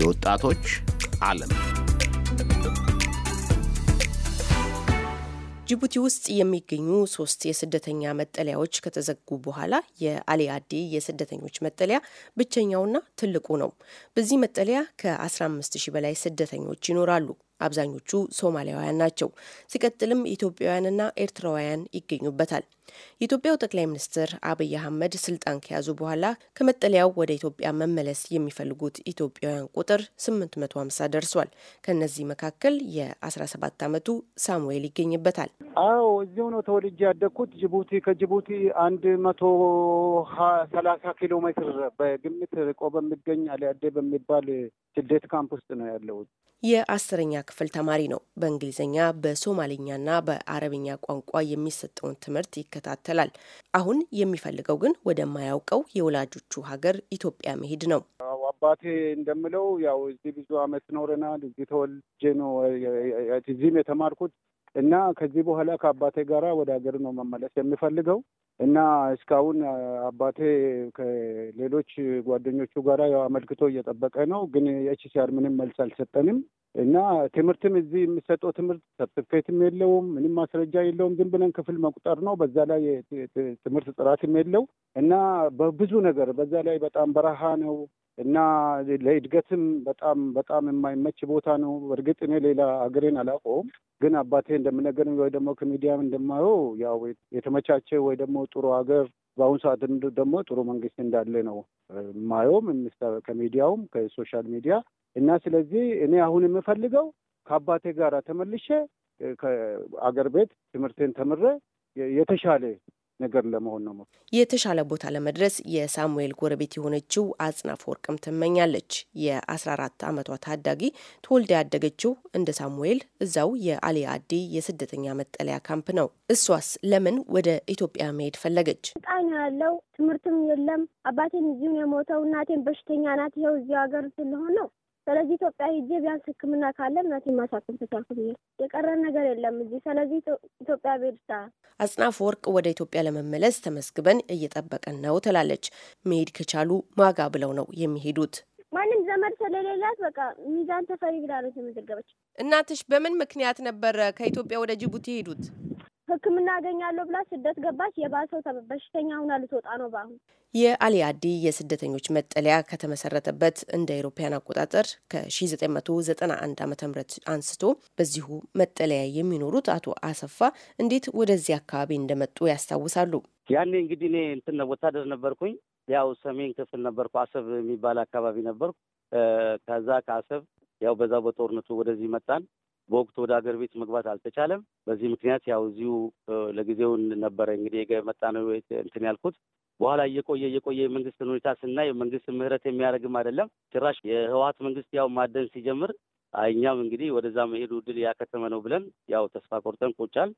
የወጣቶች ዓለም ጅቡቲ ውስጥ የሚገኙ ሶስት የስደተኛ መጠለያዎች ከተዘጉ በኋላ የአሊያዲ የስደተኞች መጠለያ ብቸኛውና ትልቁ ነው። በዚህ መጠለያ ከ15 ሺህ በላይ ስደተኞች ይኖራሉ። አብዛኞቹ ሶማሊያውያን ናቸው። ሲቀጥልም ኢትዮጵያውያንና ኤርትራውያን ይገኙበታል። የኢትዮጵያው ጠቅላይ ሚኒስትር አብይ አህመድ ስልጣን ከያዙ በኋላ ከመጠለያው ወደ ኢትዮጵያ መመለስ የሚፈልጉት ኢትዮጵያውያን ቁጥር 850 ደርሷል። ከእነዚህ መካከል የ17 ዓመቱ ሳሙኤል ይገኝበታል። አዎ እዚሁ ነው ተወልጄ ያደግኩት ጅቡቲ። ከጅቡቲ አንድ መቶ ሰላሳ ኪሎ ሜትር በግምት ርቆ በሚገኝ አሊያዴ በሚባል ስደት ካምፕ ውስጥ ነው ያለሁት። የአስረኛ ክፍል ተማሪ ነው። በእንግሊዝኛ በሶማሌኛና በአረብኛ ቋንቋ የሚሰጠውን ትምህርት ይከታተላል። አሁን የሚፈልገው ግን ወደማያውቀው የወላጆቹ ሀገር ኢትዮጵያ መሄድ ነው። አባቴ እንደምለው ያው እዚህ ብዙ አመት ኖረናል። እዚህ ተወልጄ ነው እዚህም የተማርኩት እና ከዚህ በኋላ ከአባቴ ጋራ ወደ ሀገር ነው መመለስ የሚፈልገው እና እስካሁን አባቴ ከሌሎች ጓደኞቹ ጋራ ያው አመልክቶ እየጠበቀ ነው። ግን የኤችሲአር ምንም መልስ አልሰጠንም። እና ትምህርትም እዚህ የሚሰጠው ትምህርት ሰርቲፊኬትም የለውም፣ ምንም ማስረጃ የለውም። ዝም ብለን ክፍል መቁጠር ነው። በዛ ላይ ትምህርት ጥራትም የለው እና በብዙ ነገር በዛ ላይ በጣም በረሃ ነው እና ለእድገትም በጣም በጣም የማይመች ቦታ ነው። እርግጥ እኔ ሌላ ሀገሬን አላውቀውም፣ ግን አባቴ እንደምነገር ወይ ደግሞ ከሚዲያም እንደማየው ያው የተመቻቸ ወይ ደግሞ ጥሩ ሀገር በአሁኑ ሰዓት ደግሞ ጥሩ መንግስት እንዳለ ነው ማየውም ከሚዲያውም ከሶሻል ሚዲያ እና ስለዚህ እኔ አሁን የምፈልገው ከአባቴ ጋር ተመልሼ ከአገር ቤት ትምህርቴን ተምሬ የተሻለ ነገር ለመሆን ነው። የተሻለ ቦታ ለመድረስ የሳሙኤል ጎረቤት የሆነችው አጽናፍ ወርቅም ትመኛለች። የ14 ዓመቷ ታዳጊ ተወልዳ ያደገችው እንደ ሳሙኤል እዛው የአሊ አዲ የስደተኛ መጠለያ ካምፕ ነው። እሷስ ለምን ወደ ኢትዮጵያ መሄድ ፈለገች? ጣኝ ያለው ትምህርትም የለም። አባቴን እዚሁ የሞተው እናቴን በሽተኛ ናት። ይኸው እዚሁ ሀገር ስለሆነው ስለዚህ ኢትዮጵያ ሂጄ ቢያንስ ሕክምና ካለ እናቴን ማሳከም ተቻልኩ የቀረን ነገር የለም እዚህ። ስለዚህ ኢትዮጵያ ቤድታ አጽናፍ ወርቅ ወደ ኢትዮጵያ ለመመለስ ተመስግበን እየጠበቀን ነው ትላለች። መሄድ ከቻሉ ማጋ ብለው ነው የሚሄዱት። ማንም ዘመድ ስለሌላት በቃ ሚዛን ተፈሪ ብላ ነው የተመዘገበች። እናትሽ በምን ምክንያት ነበረ ከኢትዮጵያ ወደ ጅቡቲ ሄዱት? ሕክምና አገኛለሁ ብላ ስደት ገባች። የባሰው በሽተኛ ሁና ልትወጣ ነው። በአሁኑ የአሊያዲ የስደተኞች መጠለያ ከተመሰረተበት እንደ አውሮፓውያን አቆጣጠር ከ1991 ዓ ም አንስቶ በዚሁ መጠለያ የሚኖሩት አቶ አሰፋ እንዴት ወደዚህ አካባቢ እንደመጡ ያስታውሳሉ። ያኔ እንግዲህ እኔ እንትን ወታደር ነበርኩኝ። ያው ሰሜን ክፍል ነበርኩ። አሰብ የሚባል አካባቢ ነበርኩ። ከዛ ከአሰብ ያው በዛ በጦርነቱ ወደዚህ መጣን። በወቅቱ ወደ ሀገር ቤት መግባት አልተቻለም። በዚህ ምክንያት ያው እዚሁ ለጊዜው ነበረ እንግዲህ የመጣ ነው እንትን ያልኩት። በኋላ እየቆየ እየቆየ የመንግስትን ሁኔታ ስናይ መንግስት ምህረት የሚያደርግም አይደለም። ጭራሽ የህወሀት መንግስት ያው ማደን ሲጀምር እኛም እንግዲህ ወደዛ መሄዱ ድል ያከተመ ነው ብለን ያው ተስፋ ቆርጠን ቆጫል።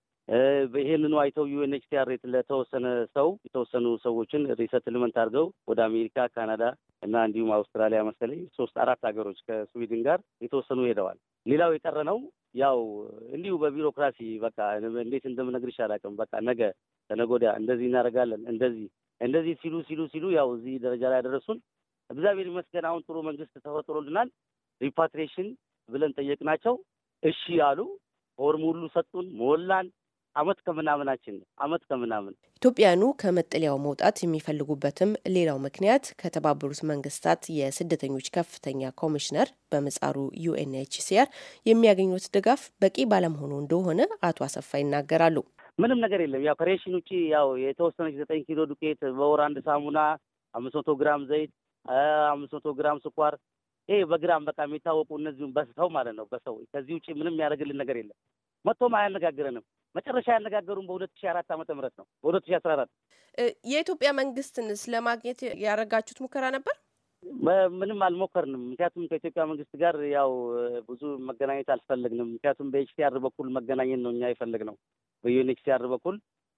ይህንኑ አይተው ዩኤንኤችሲአር ለተወሰነ ሰው የተወሰኑ ሰዎችን ሪሰትልመንት አድርገው ወደ አሜሪካ፣ ካናዳ እና እንዲሁም አውስትራሊያ መሰለኝ ሶስት አራት ሀገሮች ከስዊድን ጋር የተወሰኑ ሄደዋል። ሌላው የቀረ ነው ያው እንዲሁ በቢሮክራሲ በቃ እንዴት እንደምነግርሽ አላውቅም። በቃ ነገ ተነጎዳ ወዲያ እንደዚህ እናደርጋለን እንደዚህ እንደዚህ ሲሉ ሲሉ ሲሉ ያው እዚህ ደረጃ ላይ ያደረሱን። እግዚአብሔር ይመስገን አሁን ጥሩ መንግስት ተፈጥሮልናል። ሪፓትሪሽን ብለን ጠየቅናቸው፣ እሺ አሉ። ፎርም ሁሉ ሰጡን፣ ሞላን። አመት ከምናምናችን ነው። አመት ከምናምን ኢትዮጵያኑ ከመጠለያው መውጣት የሚፈልጉበትም ሌላው ምክንያት ከተባበሩት መንግስታት የስደተኞች ከፍተኛ ኮሚሽነር በምህጻሩ ዩኤንኤችሲአር የሚያገኙት ድጋፍ በቂ ባለመሆኑ እንደሆነ አቶ አሰፋ ይናገራሉ። ምንም ነገር የለም። ያው ከሬሽን ውጭ ያው የተወሰነች ዘጠኝ ኪሎ ዱቄት፣ በወር አንድ ሳሙና፣ አምስት መቶ ግራም ዘይት፣ አምስት መቶ ግራም ስኳር ይሄ በግራም በቃ የሚታወቁ እነዚሁም በሰው ማለት ነው። በሰው ከዚህ ውጭ ምንም ያደርግልን ነገር የለም። መጥቶም አያነጋግረንም። መጨረሻ ያነጋገሩን በሁለት ሺ አራት ዓመተ ምህረት ነው። በሁለት ሺ አስራ አራት የኢትዮጵያ መንግስትንስ ለማግኘት ያደረጋችሁት ሙከራ ነበር? ምንም አልሞከርንም። ምክንያቱም ከኢትዮጵያ መንግስት ጋር ያው ብዙ መገናኘት አልፈለግንም። ምክንያቱም በኤችሲአር በኩል መገናኘት ነው እኛ የፈለግነው በዩኤንኤችሲአር በኩል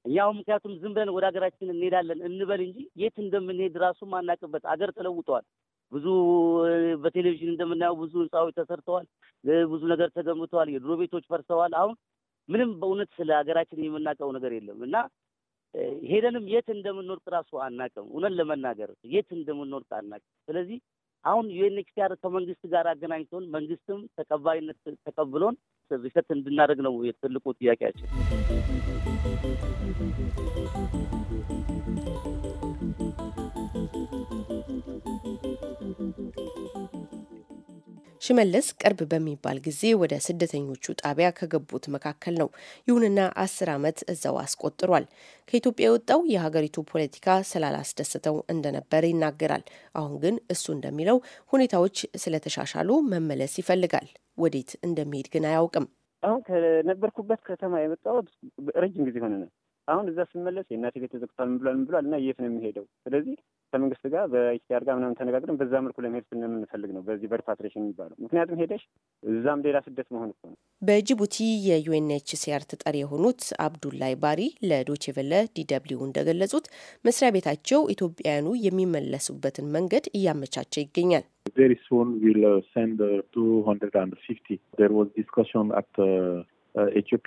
እኛው ምክንያቱም ዝም ብለን ወደ ሀገራችን እንሄዳለን እንበል እንጂ የት እንደምንሄድ ራሱ ማናቅበት አገር ተለውጠዋል። ብዙ በቴሌቪዥን እንደምናየው ብዙ ህንፃዎች ተሰርተዋል። ብዙ ነገር ተገንብተዋል። የድሮ ቤቶች ፈርሰዋል። አሁን ምንም በእውነት ስለ ሀገራችን የምናውቀው ነገር የለም እና ሄደንም የት እንደምንወድቅ ራሱ አናውቅም። እውነት ለመናገር የት እንደምንወድቅ አናውቅም። ስለዚህ አሁን ዩኤንኤችሲአር ከመንግስት ጋር አገናኝቶን መንግስትም ተቀባይነት ተቀብሎን ሪሰት እንድናደርግ ነው ትልቁ ጥያቄያችን። ሽመለስ ቅርብ በሚባል ጊዜ ወደ ስደተኞቹ ጣቢያ ከገቡት መካከል ነው። ይሁንና አስር ዓመት እዛው አስቆጥሯል። ከኢትዮጵያ የወጣው የሀገሪቱ ፖለቲካ ስላላስደሰተው እንደነበር ይናገራል። አሁን ግን እሱ እንደሚለው ሁኔታዎች ስለተሻሻሉ መመለስ ይፈልጋል። ወዴት እንደሚሄድ ግን አያውቅም። አሁን ከነበርኩበት ከተማ የመጣሁት ረጅም ጊዜ ሆነ። አሁን እዛ ስመለስ የእናቴ ቤት ተዘግቷል፣ ብሏል፣ ብሏል እና የት ነው የሚሄደው? ስለዚህ ከመንግስት ጋር በኢትዮጵያ ጋር ምናምን ተነጋግረን በዛ መልኩ ለመሄድ ስን የምንፈልግ ነው በዚህ በሪፓትሬሽን የሚባለው። ምክንያቱም ሄደሽ እዛም ሌላ ስደት መሆን እኮ ነው። በጅቡቲ የዩኤንኤችሲአር ተጠሪ የሆኑት አብዱላይ ባሪ ለዶቼቨለ ዲደብሊው እንደገለጹት መስሪያ ቤታቸው ኢትዮጵያውያኑ የሚመለሱበትን መንገድ እያመቻቸ ይገኛል። ቬሪ ሱን ዊል ሰንድ ቱ ሀንድረድ አንድ ፊፍቲ ዜር Uh, uh,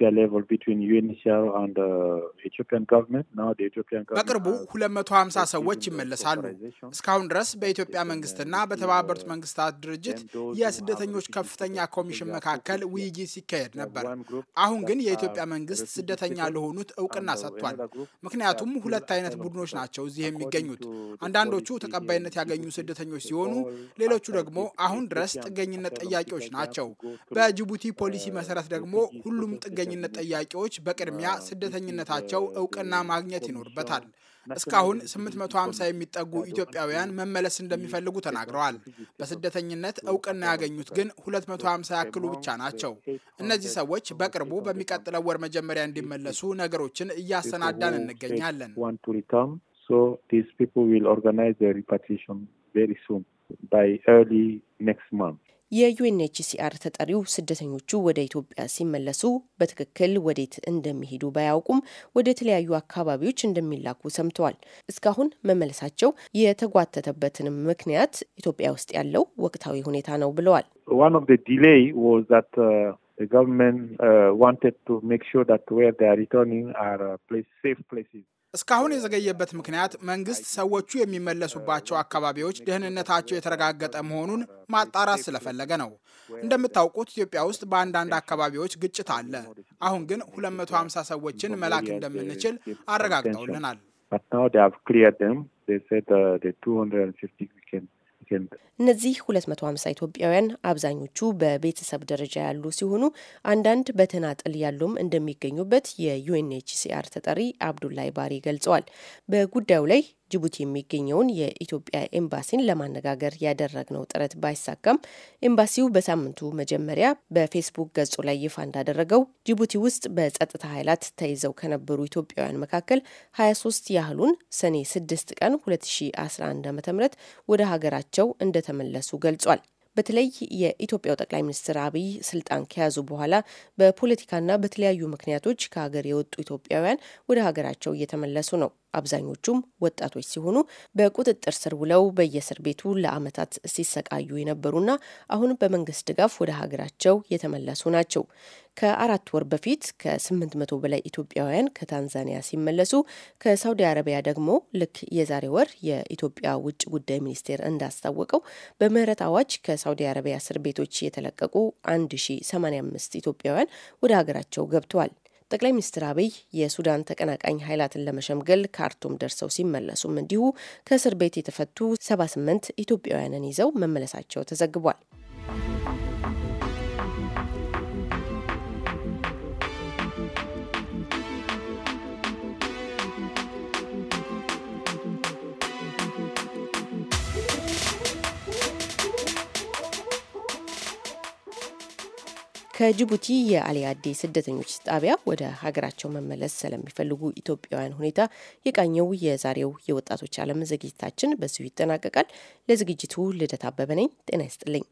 በቅርቡ 250 ሰዎች ይመለሳሉ። እስካሁን ድረስ በኢትዮጵያ መንግስትና በተባበሩት uh, መንግስታት ድርጅት የስደተኞች ከፍተኛ ኮሚሽን መካከል ውይይት ሲካሄድ ነበር። አሁን ግን የኢትዮጵያ መንግስት ስደተኛ ለሆኑት እውቅና ሰጥቷል። ምክንያቱም ሁለት አይነት ቡድኖች ናቸው እዚህ የሚገኙት። አንዳንዶቹ ተቀባይነት ያገኙ ስደተኞች ሲሆኑ፣ ሌሎቹ ደግሞ አሁን ድረስ ጥገኝነት ጠያቂዎች ናቸው። በጅቡቲ ፖሊሲ መሰረት ደግሞ ሁሉም ጥገኝነት ጠያቂዎች በቅድሚያ ስደተኝነታቸው እውቅና ማግኘት ይኖርበታል። እስካሁን 850 የሚጠጉ ኢትዮጵያውያን መመለስ እንደሚፈልጉ ተናግረዋል። በስደተኝነት እውቅና ያገኙት ግን 250 ያክሉ ብቻ ናቸው። እነዚህ ሰዎች በቅርቡ በሚቀጥለው ወር መጀመሪያ እንዲመለሱ ነገሮችን እያሰናዳን እንገኛለን። ሪፓትሪሽን ቬሪ ሱን ባይ ኤርሊ ኔክስት ማንት የዩኤንኤችሲአር ተጠሪው ስደተኞቹ ወደ ኢትዮጵያ ሲመለሱ በትክክል ወዴት እንደሚሄዱ ባያውቁም ወደ ተለያዩ አካባቢዎች እንደሚላኩ ሰምተዋል። እስካሁን መመለሳቸው የተጓተተበትንም ምክንያት ኢትዮጵያ ውስጥ ያለው ወቅታዊ ሁኔታ ነው ብለዋል። uh, The government uh, wanted to make sure that where they are returning are uh, place, safe places. እስካሁን የዘገየበት ምክንያት መንግስት ሰዎቹ የሚመለሱባቸው አካባቢዎች ደህንነታቸው የተረጋገጠ መሆኑን ማጣራት ስለፈለገ ነው። እንደምታውቁት ኢትዮጵያ ውስጥ በአንዳንድ አካባቢዎች ግጭት አለ። አሁን ግን 250 ሰዎችን መላክ እንደምንችል አረጋግጠውልናል። እነዚህ 250 ኢትዮጵያውያን አብዛኞቹ በቤተሰብ ደረጃ ያሉ ሲሆኑ አንዳንድ በተናጠል ያሉም እንደሚገኙበት የዩኤንኤችሲአር ተጠሪ አብዱላይ ባሪ ገልጸዋል። በጉዳዩ ላይ ጅቡቲ የሚገኘውን የኢትዮጵያ ኤምባሲን ለማነጋገር ያደረግነው ጥረት ባይሳካም ኤምባሲው በሳምንቱ መጀመሪያ በፌስቡክ ገጹ ላይ ይፋ እንዳደረገው ጅቡቲ ውስጥ በጸጥታ ኃይላት ተይዘው ከነበሩ ኢትዮጵያውያን መካከል 23 ያህሉን ሰኔ 6 ቀን 2011 ዓ.ም ወደ ሀገራቸው እንደተመለሱ ገልጿል። በተለይ የኢትዮጵያው ጠቅላይ ሚኒስትር አብይ ስልጣን ከያዙ በኋላ በፖለቲካና በተለያዩ ምክንያቶች ከሀገር የወጡ ኢትዮጵያውያን ወደ ሀገራቸው እየተመለሱ ነው። አብዛኞቹም ወጣቶች ሲሆኑ በቁጥጥር ስር ውለው በየእስር ቤቱ ለአመታት ሲሰቃዩ የነበሩና አሁን በመንግስት ድጋፍ ወደ ሀገራቸው የተመለሱ ናቸው። ከአራት ወር በፊት ከ መቶ በላይ ኢትዮጵያውያን ከታንዛኒያ ሲመለሱ ከሳውዲ አረቢያ ደግሞ ልክ የዛሬ ወር የኢትዮጵያ ውጭ ጉዳይ ሚኒስቴር እንዳስታወቀው በምህረት አዋጅ ከሳውዲ አረቢያ እስር ቤቶች የተለቀቁ 1085 ኢትዮጵያውያን ወደ ሀገራቸው ገብተዋል። ጠቅላይ ሚኒስትር አብይ የሱዳን ተቀናቃኝ ኃይላትን ለመሸምገል ካርቱም ደርሰው ሲመለሱም እንዲሁ ከእስር ቤት የተፈቱ 78 ኢትዮጵያውያንን ይዘው መመለሳቸው ተዘግቧል። ከጅቡቲ የአሊያዴ ስደተኞች ጣቢያ ወደ ሀገራቸው መመለስ ስለሚፈልጉ ኢትዮጵያውያን ሁኔታ የቃኘው የዛሬው የወጣቶች ዓለም ዝግጅታችን በዚሁ ይጠናቀቃል። ለዝግጅቱ ልደት አበበ ነኝ። ጤና ይስጥልኝ።